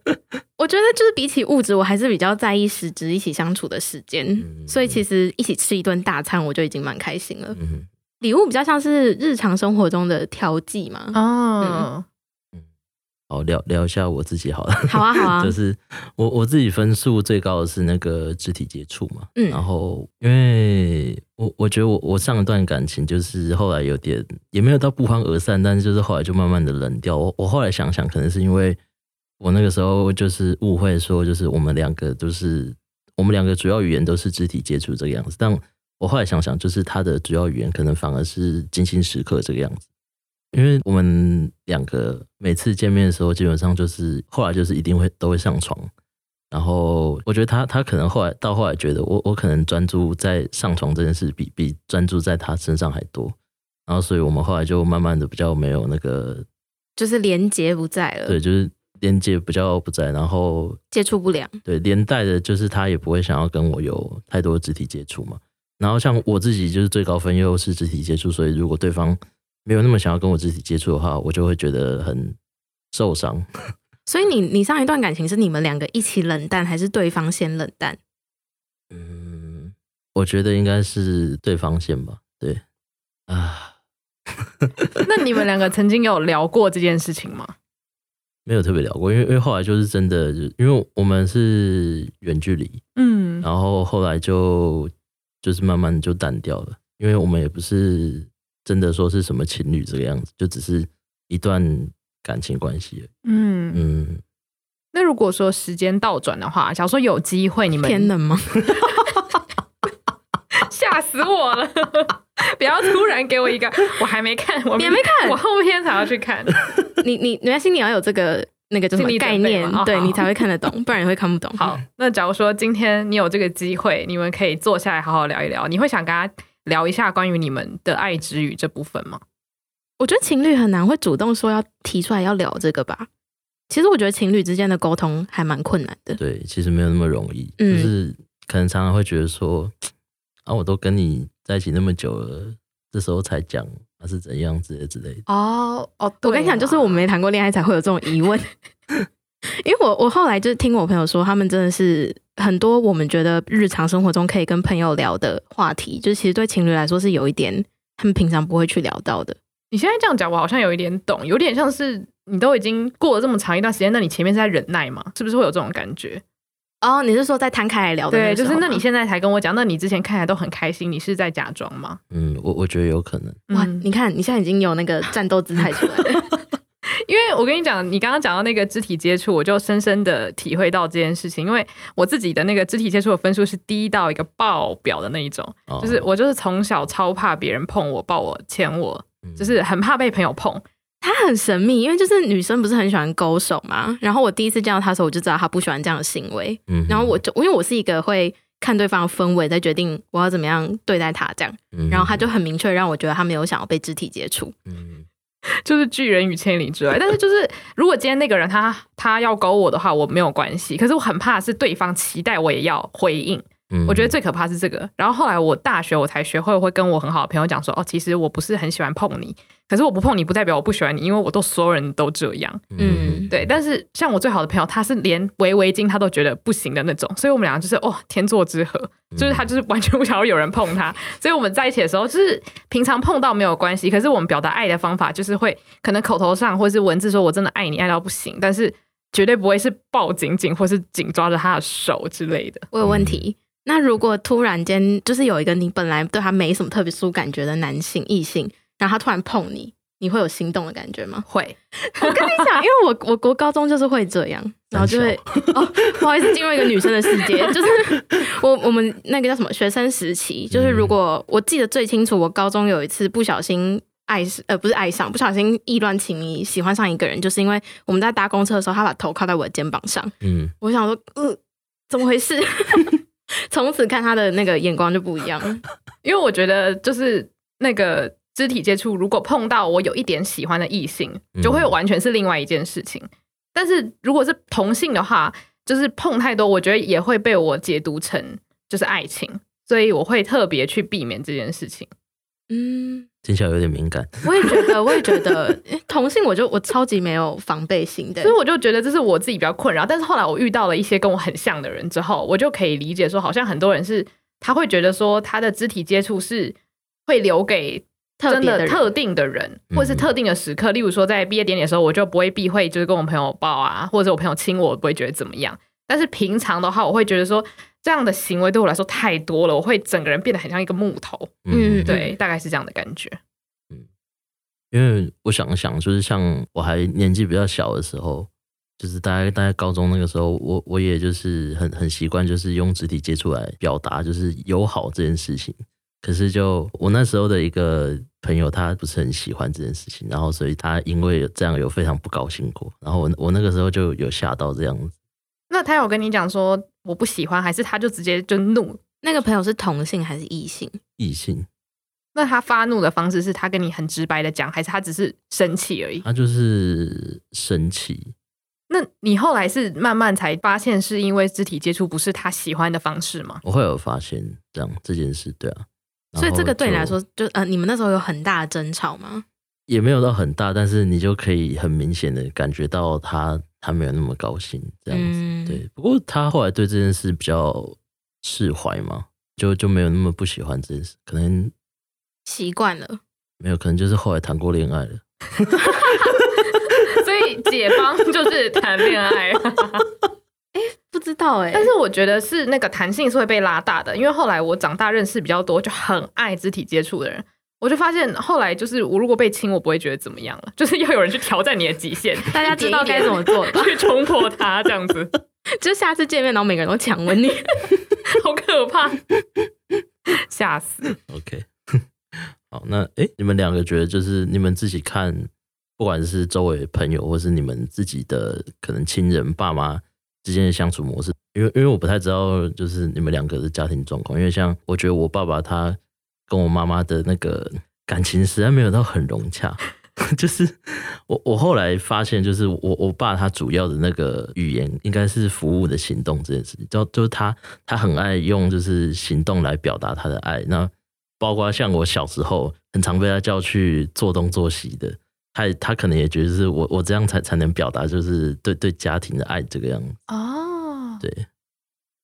我覺得就是比起物質，我還是比較在意實質一起相處的時間。嗯、所以其實一起吃一頓大餐，我就已經蠻開心了。嗯禮物比較像是日常生活中的調劑嘛。哦，嗯，好，聊聊一下我自己好了。好啊，好啊，好啊。就是我我自己分數最高的是那個肢體接觸嘛。嗯，然後因為我我覺得我我上一段感情就是後來有點也沒有到不歡而散，但是就是後來就慢慢的冷掉。我我後來想想，可能是因為我那個時候就是誤會說就是我們兩個都、就是我們兩個主要語言都是肢體接觸這個樣子，但。我後來想想，就是他的主要語言可能反而是《精心時刻》這個樣子，因為我們兩個每次見面的時候，基本上就是後來就是一定會都會上床，然後我覺得他他可能後來到後來覺得我我可能專注在上床這件事比比專注在他身上還多，然後所以我們後來就慢慢的比較沒有那個，就是連接不在了，對，就是連接比較不在，然後接觸不良，對，連帶的就是他也不會想要跟我有太多肢體接觸嘛。然後像我自己就是最高分，又是肢體接觸，所以如果對方沒有那麼想要跟我肢體接觸的話，我就會覺得很受傷。所以你你上一段感情是你們兩個一起冷淡，還是對方先冷淡？嗯，我覺得應該是對方先吧。對啊， 那你們兩個曾經有聊過這件事情嗎？沒有特別聊過，因為因為後來就是真的，就因為我們是遠距離，嗯，然後後來就。就是慢慢就淡掉了，因為我們也不是真的說是什麼情侶這個樣子，就只是一段感情關係。嗯嗯。嗯，那如果說時間倒轉的話，假如說有機會你們天冷嗎？嚇 死我了！ 不要突然給我一個，我還沒看，我也沒、沒看，我後天才要去看。你、嗯、你，女心，你要有這個。那個就是概念，哦、對你才會看得懂， 不然你會看不懂。好，那假如說今天你有這個機會，你們可以坐下來好好聊一聊，你會想跟他聊一下關於你們的愛之語這部分嗎？我覺得情侶很難會主動說要提出來要聊這個吧。其實我覺得情侶之間的溝通還蠻困難的。對，其實沒有那麼容易，嗯、就是可能常常會覺得說，啊，我都跟你在一起那麼久了，這時候才講。他是怎樣之類之類的。哦，哦，我跟你講，就是我沒談過戀愛才會有這種疑問， 因為我我後來就是聽我朋友說，他們真的是很多我們覺得日常生活中可以跟朋友聊的話題，就其實對情侶來說是有一點他們平常不會去聊到的。你現在這樣講，我好像有一點懂，有點像是你都已經過了這麼長一段時間，那你前面是在忍耐嗎？是不是會有這種感覺？哦，oh, 你是說在攤開來聊的？對，就是那你現在才跟我講，那你之前看起來都很開心，你是在假裝嗎？嗯，我我覺得有可能。哇，你看你現在已經有那個戰鬥姿態出來了， 因為我跟你講，你剛剛講到那個肢體接觸，我就深深的體會到這件事情，因為我自己的那個肢體接觸的分數是低到一個爆表的那一種，oh. 就是我就是從小超怕別人碰我、抱我、牽我，就是很怕被朋友碰。他很神秘，因為就是女生不是很喜歡勾手嘛。然後我第一次見到他的時候，我就知道他不喜歡這樣的行為。嗯、哼然後我就因為我是一個會看對方的氛圍，在決定我要怎麼樣對待他這樣。嗯、哼然後他就很明確讓我覺得他沒有想要被肢體接觸、嗯。就是拒人於千里之外。但是就是如果今天那個人他他要勾我的話，我沒有關係。可是我很怕的是對方期待我也要回應。我覺得最可怕是這個。然後後來我大學我才學會會跟我很好的朋友講說，哦，其實我不是很喜歡碰你，可是我不碰你不代表我不喜歡你，因為我都所有人都這樣。嗯，對。但是像我最好的朋友，他是連圍圍巾他都覺得不行的那種，所以我們兩個就是哦天作之合，就是他就是完全不想要有人碰他，所以我們在一起的時候就是平常碰到沒有關係，可是我們表達愛的方法就是會可能口頭上或是文字說我真的愛你愛到不行，但是絕對不會是抱緊緊或是緊抓着他的手之類的。我有問題。那如果突然間就是有一個你本來對他沒什麼特別舒感覺的男性異性，然後他突然碰你，你會有心動的感覺嗎？會。我跟你講， 因為我我國高中就是會這樣，然後就會小哦，不好意思，進入一個女生的世界，就是我我們那個叫什麼學生時期，就是如果、嗯、我記得最清楚，我高中有一次不小心愛呃不是愛上，不小心意亂情迷喜歡上一個人，就是因為我們在搭公車的時候，他把頭靠在我的肩膀上，嗯，我想說嗯，怎麼回事？ 從 此看他的那個眼光就不一樣， 因為我覺得就是那個肢體接觸，如果碰到我有一點喜歡的異性，就會完全是另外一件事情。但是如果是同性的話，就是碰太多，我覺得也會被我解讀成就是愛情，所以我會特別去避免這件事情。嗯。聽起來有點敏感，我也覺得，我也覺得 同性，我就我超級沒有防備心的，所以我就覺得這是我自己比較困擾。但是後來我遇到了一些跟我很像的人之後，我就可以理解說，好像很多人是他會覺得說他的肢體接觸是會留給真的特定的人，的人或者是特定的時刻。例如說在畢業典禮的時候，我就不會避諱，就是跟我朋友抱啊，或者我朋友親我，我不會覺得怎麼樣。但是平常的話，我會覺得說。這樣的行為對我來說太多了，我會整個人變得很像一個木頭。嗯，對，嗯，大概是這樣的感覺。嗯，因為我想想，就是像我還年紀比較小的時候，就是大概大概高中那個時候，我我也就是很很習慣，就是用肢體接觸來表達就是友好這件事情。可是就我那時候的一個朋友，他不是很喜歡這件事情，然後所以他因為這樣有非常不高興過。然後我我那個時候就有嚇到這樣子。那他有跟你講說我不喜歡，還是他就直接就怒？那個朋友是同性還是異性？異性。那他發怒的方式是他跟你很直白的講，還是他只是生氣而已？他就是生氣。那你後來是慢慢才發現是因為肢體接觸不是他喜歡的方式嗎？我會有發現這樣這件事，對啊。所以這個對你來說，就呃，你們那時候有很大的爭吵嗎？也沒有到很大，但是你就可以很明顯的感覺到他。他沒有那麼高興，這樣子、嗯、對。不過他後來對這件事比較釋懷嘛，就就沒有那麼不喜歡這件事，可能習慣了。沒有，可能就是後來談過戀愛了。 所以解方就是談戀愛。哎、 欸，不知道哎。但是我覺得是那個彈性是會被拉大的，因為後來我長大認識比較多，就很愛肢體接觸的人。我就發現，後來就是我如果被親，我不會覺得怎麼樣了。就是要有人去挑戰你的極限， 大家知道該怎麼做，點點去衝破它，這樣子。 就下次見面，然後每個人都強吻你， 好可怕，嚇 死了。OK，好，那哎，你們兩個覺得，就是你們自己看，不管是周圍朋友，或是你們自己的可能親人、爸媽之間的相處模式，因為因為我不太知道，就是你們兩個的家庭狀況，因為像我覺得我爸爸他。跟我媽媽的那個感情實在沒有到很融洽， 就是我我後來發現，就是我我爸他主要的那個語言應該是服務的行動這件事情，就就是他他很愛用就是行動來表達他的愛，那包括像我小時候很常被他叫去做東做西的，他他可能也覺得是我我這樣才才能表達就是對對家庭的愛這個樣子哦，對。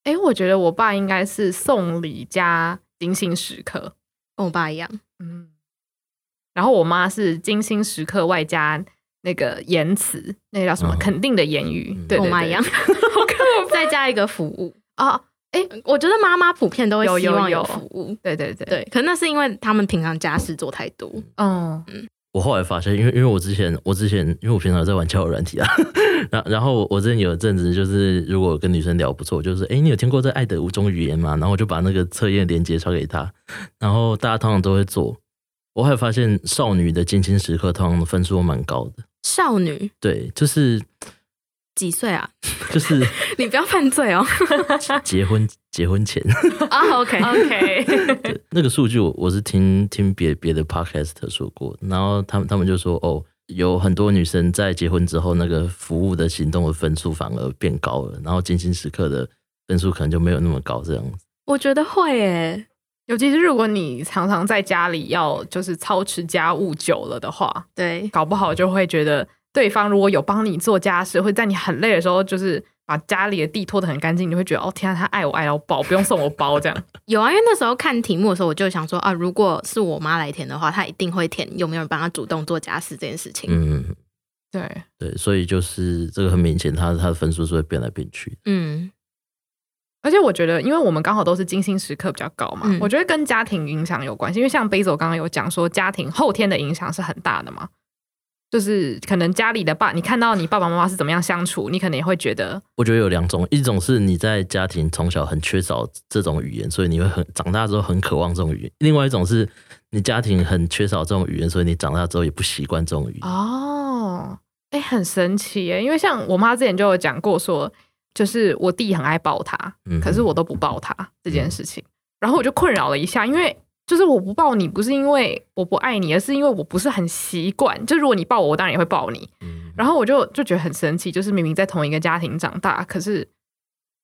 欸，我覺得我爸應該是送禮加精心時刻。跟我爸一樣，嗯，然後我媽是精心時刻外加那個言辭，那個、叫什麼、哦、肯定的言語，對、跟我媽一樣， 怕 再加一個服務啊！哎、哦，我覺得媽媽普遍都會希望有服務，對對對對，對可是那是因為他們平常家事做太多，嗯。嗯我後來發現，因為因為我之前我之前因為我平常在玩交友軟體啊，然然後我之前有一陣子就是如果跟女生聊不錯，就是哎，你有聽過這愛的五種語言嗎？然後我就把那個測驗連接傳給她，然後大家通常都會做。我後來發現，少女的精心時刻，通常分數都蠻高的。少女對，就是。幾歲啊？ 就是你不要犯罪哦。 結婚結婚前啊，OK OK。那個數據我我是聽聽別別的 Podcast 說過，然後他們他們就說哦，有很多女生在結婚之後，那個服務的行動的分數反而變高了，然後精心時刻的分數可能就沒有那麼高，這樣子。我覺得會誒，尤其是如果你常常在家裡要就是操持家務久了的話，對，搞不好就會覺得。對方如果有幫你做家事，會在你很累的時候，就是把家裡的地拖得很乾淨，你會覺得哦天啊，他愛我愛到爆，不用送我包這樣。 有啊，因為那時候看題目的時候，我就想說啊，如果是我媽來填的話，她一定會填有沒有人幫她主動做家事這件事情。嗯，對對，所以就是這個很明顯，他他的分數是會變來變去。嗯，而且我覺得，因為我們剛好都是精心時刻比較高嘛，嗯，我覺得跟家庭影響有關係，因為像杯子我剛剛有講說，家庭後天的影響是很大的嘛。就是可能家裡的爸，你看到你爸爸媽媽是怎麼樣相處，你可能也會覺得。我覺得有兩種，一種是你在家庭從小很缺少這種語言，所以你會很，長大之後很渴望這種語言。另外一種是你家庭很缺少這種語言，所以你長大之後也不習慣這種語言。哦，哎、欸，很神奇耶！因為像我媽之前就有講過說，說就是我弟很愛抱他，嗯哼，可是我都不抱他，嗯哼，這件事情，然後我就困擾了一下，因為。就是我不抱你，不是因為我不愛你，而是因為我不是很習慣。就如果你抱我，我當然也會抱你。嗯、然後我就就覺得很神奇，就是明明在同一個家庭長大，可是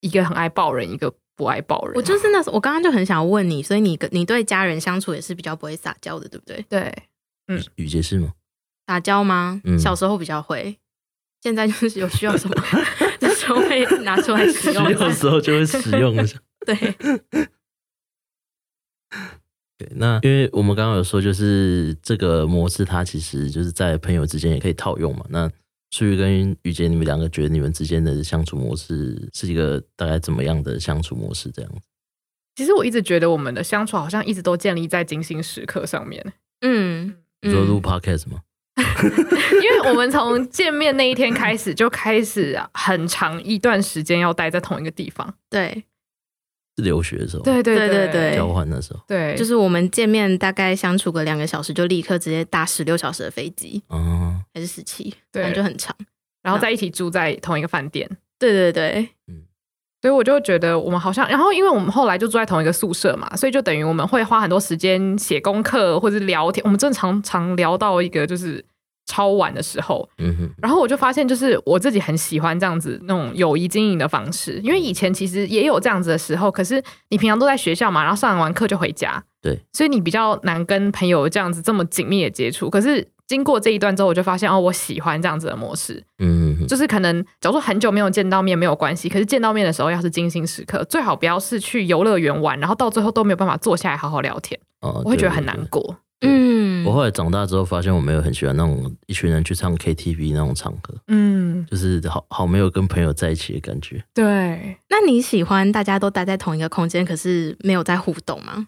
一個很愛抱人，一個不愛抱人。我就是那時候，我剛剛就很想問你，所以你跟你對家人相處也是比較不會撒嬌的，對不對？對，嗯，語婕是嗎？撒嬌嗎？小時候比較會，嗯、現在就是有需要什麼的時候會拿出來使用，需要時候就會使用一下。 對。對，那因為我們剛剛有說，就是這個模式，它其實就是在朋友之間也可以套用嘛。那書宇跟語婕，你們兩個覺得你們之間的相處模式是一個大概怎麼樣的相處模式？這樣？其實我一直覺得我們的相處好像一直都建立在精心時刻上面。嗯，你說錄 Podcast 嗎？ 因為我們從見面那一天開始，就開始很長一段時間要待在同一個地方。對。是留學的時候，對對對對對，交換的時候，對，對，對，就是我們見面大概相處個兩個小時，就立刻直接搭十六小時的飛機，啊、uh，huh。還是十七，感覺很長，對然後在一起住在同一個飯店，對，對對對，嗯，所以我就覺得我們好像，然後因為我們後來就住在同一個宿舍嘛，所以就等於我們會花很多時間寫功課，或是聊天，我們真的常常聊到一個就是。超晚的時候，嗯、哼。然後我就發現，就是我自己很喜歡這樣子那種友誼經營的方式，因為以前其實也有這樣子的時候，可是你平常都在學校嘛，然後上完課就回家，對，所以你比較難跟朋友這樣子這麼緊密的接觸。可是經過這一段之後，我就發現，哦，我喜歡這樣子的模式，嗯哼，就是可能假如說很久沒有見到面沒有關係，可是見到面的時候要是精心時刻，最好不要是去遊樂園玩，然後到最後都沒有辦法坐下來好好聊天，啊、我會覺得很難過，對嗯。我後來長大之後，發現我沒有很喜歡那種一群人去唱 KTV 那種唱歌嗯，就是好好沒有跟朋友在一起的感覺。對，那你喜歡大家都待在同一個空間，可是沒有在互動嗎？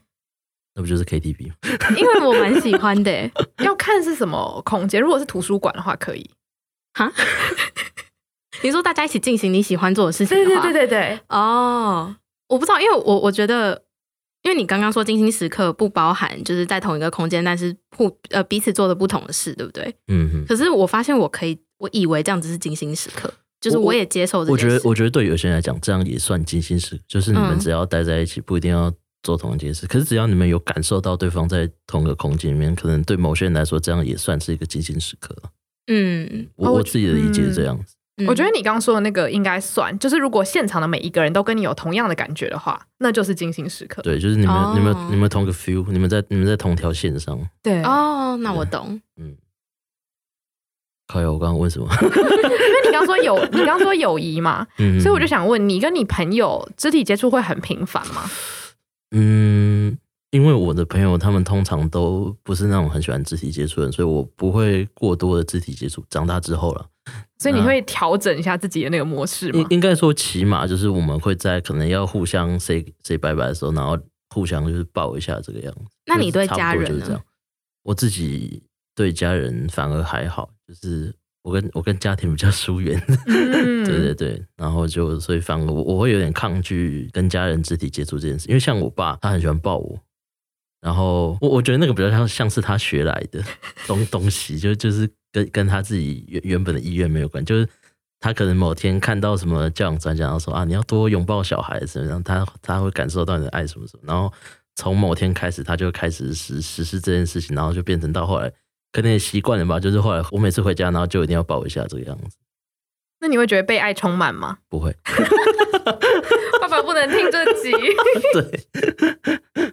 那不就是 KTV 嗎？因為我蠻喜歡的， 要看是什麼空間。如果是圖書館的話，可以哈。蛤 你說大家一起進行你喜歡做的事情的，對,對對對對對。哦，oh, 我不知道，因為我我覺得。因為你剛剛說“精心時刻”不包含就是在同一個空間，但是互呃彼此做的不同的事，對不對？嗯嗯哼可是我發現我可以，我以為這樣只是“精心時刻”，就是我也接受這件事。我，我覺得，我覺得對有些人來講，這樣也算“精心時刻”，就是你們只要待在一起，嗯、不一定要做同一件事。可是只要你們有感受到對方在同一個空間裡面，可能對某些人來說，這樣也算是一個“精心時刻”。嗯，我我自己的理解是這樣子。啊我覺得你剛剛說的那個應該算，嗯、就是如果現場的每一個人都跟你有同樣的感覺的話，那就是精心時刻。對，就是你們、哦、你們、你們同個 feel，你們在、你們在同條線上。對，哦，那我懂。嗯，可以。我剛剛問什麼？ 因為你剛說，說友，你剛說友誼嘛， 所以我就想問，你跟你朋友肢體接觸會很頻繁嗎？嗯，因為我的朋友他們通常都不是那種很喜歡肢體接觸的人，所以我不會過多的肢體接觸。長大之後了。所以你會調整一下自己的那個模式嗎？應應該說，起碼就是我們會在可能要互相 say say 拜拜的時候，然後互相就是抱一下這個樣子。那你對家人呢？就差不多就是這樣。我自己對家人反而還好，就是我跟我跟家庭比較疏遠。嗯嗯 對對對，然後就所以反而我我會有點抗拒跟家人肢體接觸這件事，因為像我爸，他很喜歡抱我，然後我我覺得那個比較像像是他學來的東東西，就就是跟跟他自己原原本的意願沒有關係，就是他可能某天看到什麼教養專家然後說啊，你要多擁抱小孩子，然後他他會感受到你的愛什麼什麼，然後從某天開始他就開始實實施這件事情，然後就變成到後來可能也習慣了吧，就是後來我每次回家，然後就一定要抱一下這個樣子。那你會覺得被愛充滿嗎？不會， 爸爸不能聽這集。 對。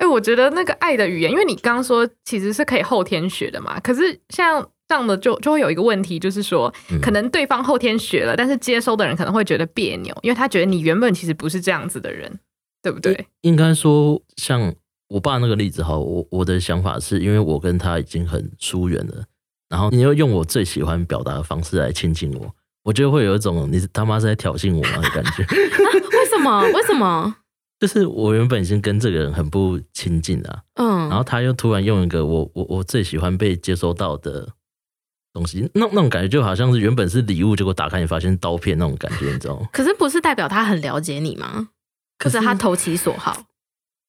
哎、欸，我覺得那個愛的語言，因為你剛剛說其實是可以後天學的嘛。可是像這樣的就就會有一個問題，就是說，可能對方後天學了，嗯、但是接收的人可能會覺得別扭，因為他覺得你原本其實不是這樣子的人，對不對？應該說，像我爸那個例子哈，我我的想法是因為我跟他已經很疏遠了，然後你又用我最喜歡表達的方式來親近我，我覺得會有一種你他媽是在挑釁我啊的感覺。 啊、為什麼？為什麼？就是我原本已經跟這個人很不親近了，啊、嗯，然後他又突然用一個我我我最喜歡被接收到的東西，那那種感覺就好像是原本是禮物，結果打開你發現刀片那種感覺，你知道嗎？可是不是代表他很了解你嗎？可是他投其所好，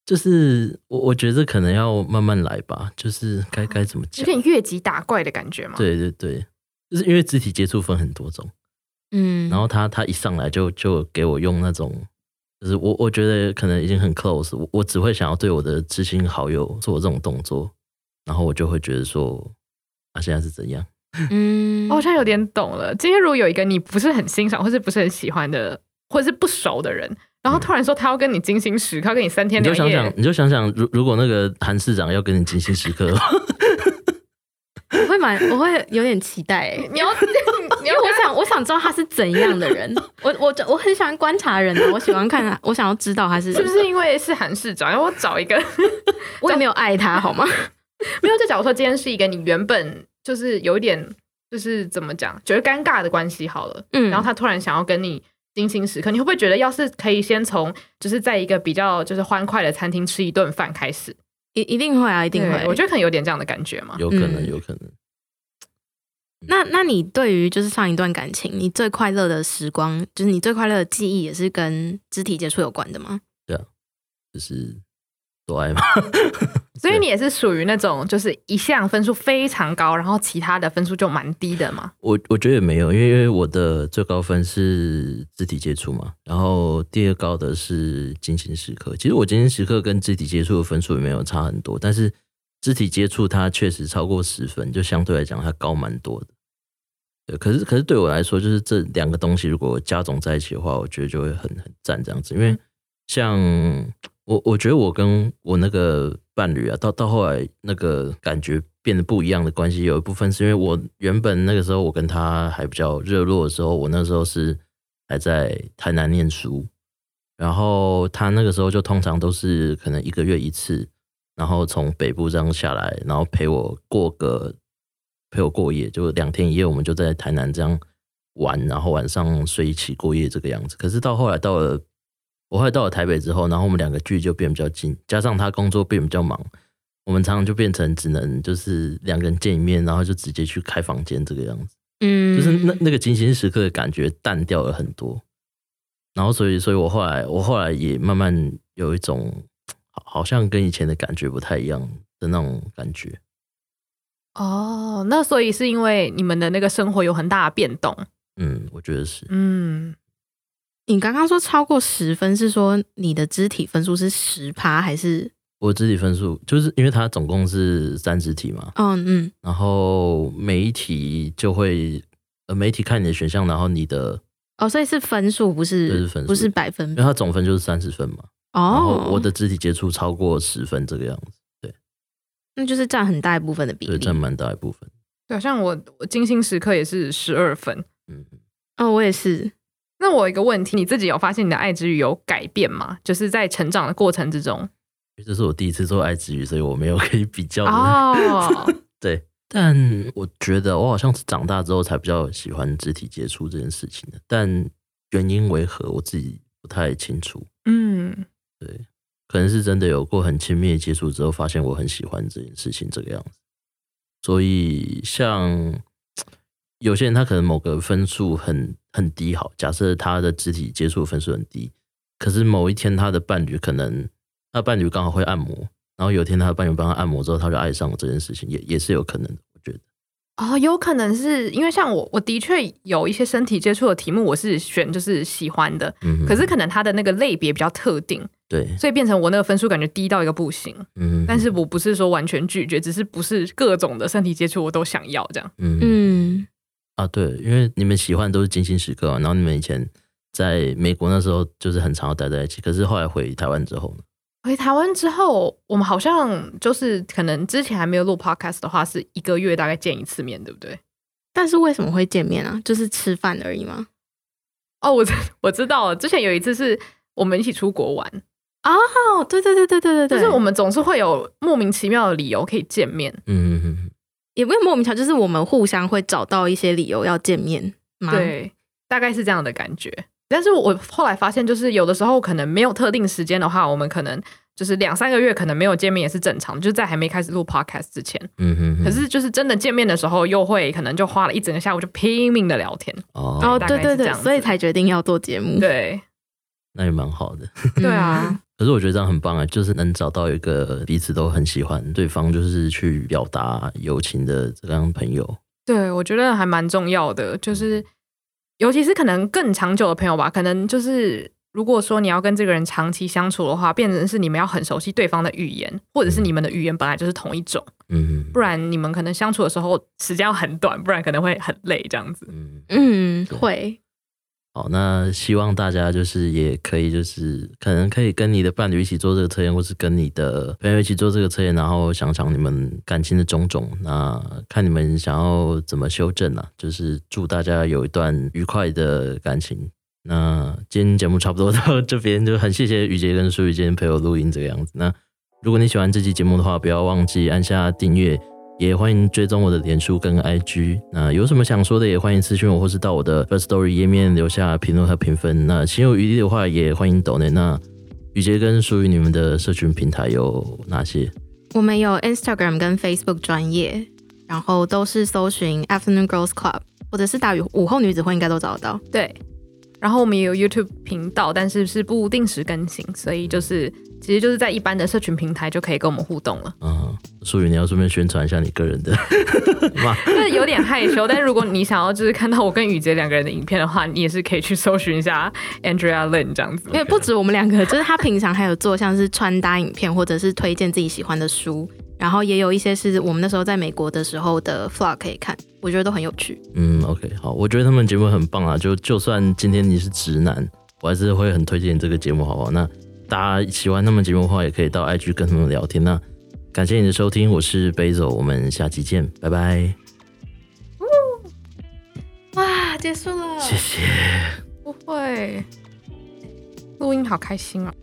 就是我我覺得可能要慢慢來吧，就是該、啊、該怎麼接，有點越級打怪的感覺嘛，對對對，就是因為肢體接觸分很多種，嗯，然後他他一上來就就給我用那種。就是我，我覺得可能已經很 close，我我只會想要對我的知心好友做這種動作，然後我就會覺得說，啊，現在是怎樣？嗯，我好像有點懂了。今天如果有一個你不是很欣賞或者不是很喜歡的，或者是不熟的人，然後突然說他要跟你精心時刻，嗯，他要跟你三天兩夜。你就想想，你就想想，如如果那個韓市長要跟你精心時刻。 我會蠻，我會有點期待。你要，你要，我想， 我想知道他是怎樣的人。我，我，我很喜歡觀察人啊，我喜歡看他，我想要知道他是是不是因為是韓市長。因為我找一個， 我也沒有愛他，好嗎？ 沒有，就假如說今天是一個你原本就是有點就是怎麼講覺得尷尬的關係好了。嗯，然後他突然想要跟你精心時刻，你會不會覺得要是可以先從就是在一個比較就是歡快的餐廳吃一頓飯開始？一一定會啊，一定會。我覺得可能有點這樣的感覺嘛，有可能，嗯、有可能。那對那你對於就是上一段感情，你最快樂的時光，就是你最快樂的記憶，也是跟肢體接觸有關的嗎？對啊，就是。 所以你也是屬於那種就是一項分數非常高，然後其他的分數就蠻低的嘛。我我覺得也沒有，因為因為我的最高分是肢體接觸嘛，然後第二高的是精心時刻。其實我精心時刻跟肢體接觸的分數也沒有差很多，但是肢體接觸它確實超過十分，就相對來講它高蠻多的。對，可是可是對我來說，就是這兩個東西如果加總在一起的話，我覺得就會很很讚這樣子，因為像。我我覺得我跟我那個伴侶啊，到到後來那個感覺變得不一樣的關係，有一部分是因為我原本那個時候，我跟他還比較熱絡的時候，我那個時候是還在台南念書，然後他那個時候就通常都是可能一個月一次，然後從北部這樣下來，然後陪我過個陪我過夜，就兩天一夜，我們就在台南這樣玩，然後晚上睡一起過夜這個樣子。可是到後來到了。我後來到了台北之後，然後我們兩個距離就變比較近，加上他工作變比較忙，我們常常就變成只能就是兩個人見一面，然後就直接去開房間這個樣子。嗯，就是那那個驚心時刻的感覺淡掉了很多。然後，所以，所以我後來，我後來也慢慢有一種好，好像跟以前的感覺不太一樣的那種感覺。哦，那所以是因為你們的那個生活有很大的變動？嗯，我覺得是。嗯。你剛剛說超過十分，是說你的肢體分數是十趴還是？我肢體分數就是因為它總共是三十題嘛。嗯、哦、嗯。然後每一題就會呃，每一題看你的選項，然後你的哦，所以是分數不是，是數不是百分，分，因為它總分就是三十分嘛。哦，我的肢體接觸超過十分這個樣子，對。那就是佔很大一部分的比例，對，佔蠻大一部分。對，好像我，我精心時刻也是十二分。嗯嗯。哦，我也是。那我有一個問題，你自己有發現你的愛之語有改變嗎？就是在成長的過程之中。這是我第一次做愛之語，所以我沒有可以比較的哇，oh. 對，但我覺得我好像長大之後才比較喜歡肢體接觸這件事情的，但原因為何，我自己不太清楚。嗯，mm. 對，可能是真的有過很親密的接觸之後，發現我很喜歡這件事情這個樣子。所以像有些人，他可能某個分數很。很低，好。假設他的肢體接觸分數很低，可是某一天他的伴侶可能，他伴侶剛好會按摩，然後有一天他的伴侶幫他按摩之後，他就愛上了這件事情，也也是有可能的，我覺得。啊、哦，有可能是因為像我，我的確有一些身體接觸的題目，我是選就是喜歡的，嗯、哼可是可能他的那個類別比較特定，對，所以變成我那個分數感覺低到一個不行。嗯哼，但是我不是說完全拒絕，只是不是各種的身體接觸我都想要這樣。嗯，哼嗯。啊，對，因為你們喜歡都是精心時刻，然後你們以前在美國那時候就是很常要待在一起，可是後來回台灣之後呢？回台灣之後，我們好像就是可能之前還沒有錄 podcast 的話，是一個月大概見一次面，對不對？但是為什麼會見面啊？就是吃飯而已嗎？哦，我我知道了，之前有一次是我們一起出國玩啊、哦，對對對對對對對，就是我們總是會有莫名其妙的理由可以見面，嗯哼哼。也不用莫名其妙，就是我們互相會找到一些理由要見面，對，大概是這樣的感覺。但是我後來發現，就是有的時候可能沒有特定時間的話，我們可能就是兩三個月可能沒有見面也是正常的，就在還沒開始錄 podcast 之前，嗯嗯，可是就是真的見面的時候，又會可能就花了一整個下午，就拼命的聊天。哦，對對對，所以才決定要做節目，對，那也蠻好的，對啊。可是我覺得這樣很棒啊，就是能找到一個彼此都很喜歡對方，就是去表達友情的這樣朋友。對，我覺得還蠻重要的，就是、嗯、尤其是可能更長久的朋友吧。可能就是如果說你要跟這個人長期相處的話，變成是你們要很熟悉對方的語言，或者是你們的語言本來就是同一種。嗯，不然你們可能相處的時候時間要很短，不然可能會很累這樣子。嗯嗯，嗯對會。好，那希望大家就是也可以，就是可能可以跟你的伴侶一起做這個測驗，或是跟你的朋友一起做這個測驗，然後想想你們感情的種種。那看你們想要怎麼修正啊，就是祝大家有一段愉快的感情。那今天節目差不多到這邊，就很謝謝語婕跟書宇今天陪我錄音這個樣子。那如果你喜歡這期節目的話，不要忘記按下訂閱。也歡迎追蹤我的臉書跟 IG。那有什麼想說的，也歡迎私訊我，或是到我的 First Story 頁面留下評論和評分。那心有餘力的話，也歡迎 d o 那雨傑跟淑玉，你們的社群平台有哪些？我們有 Instagram 跟 Facebook 專業，然後都是搜尋 Afternoon Girls Club，或者是打雨午後女子會，應該都找得到。對，然後我們也有 YouTube 頻道，但是是不定時更新，所以就是。嗯其實，就是在一般的社群平台就可以跟我們互動了。嗯、uh，所、huh. 以你要順便宣傳一下你個人的， 就是有點害羞。 但如果你想要就是看到我跟語婕兩個人的影片的話，你也是可以去搜尋一下 Andrea Lin 這樣子。因為 Okay. 不止我們兩個，就是他平常還有做像是穿搭影片，或者是推薦自己喜歡的書，然後也有一些是我們那時候在美國的時候的 vlog 可以看，我覺得都很有趣。嗯，OK，好，我覺得他們節目很棒啊，就就算今天你是直男，我還是會很推薦這個節目，好不好？那。大家喜歡他們節目的話，也可以到 IG 跟他們聊天啊。感謝你的收聽，我是 Basil。我們下期見，拜拜。哇，結束了，謝謝。不會，錄音好開心啊。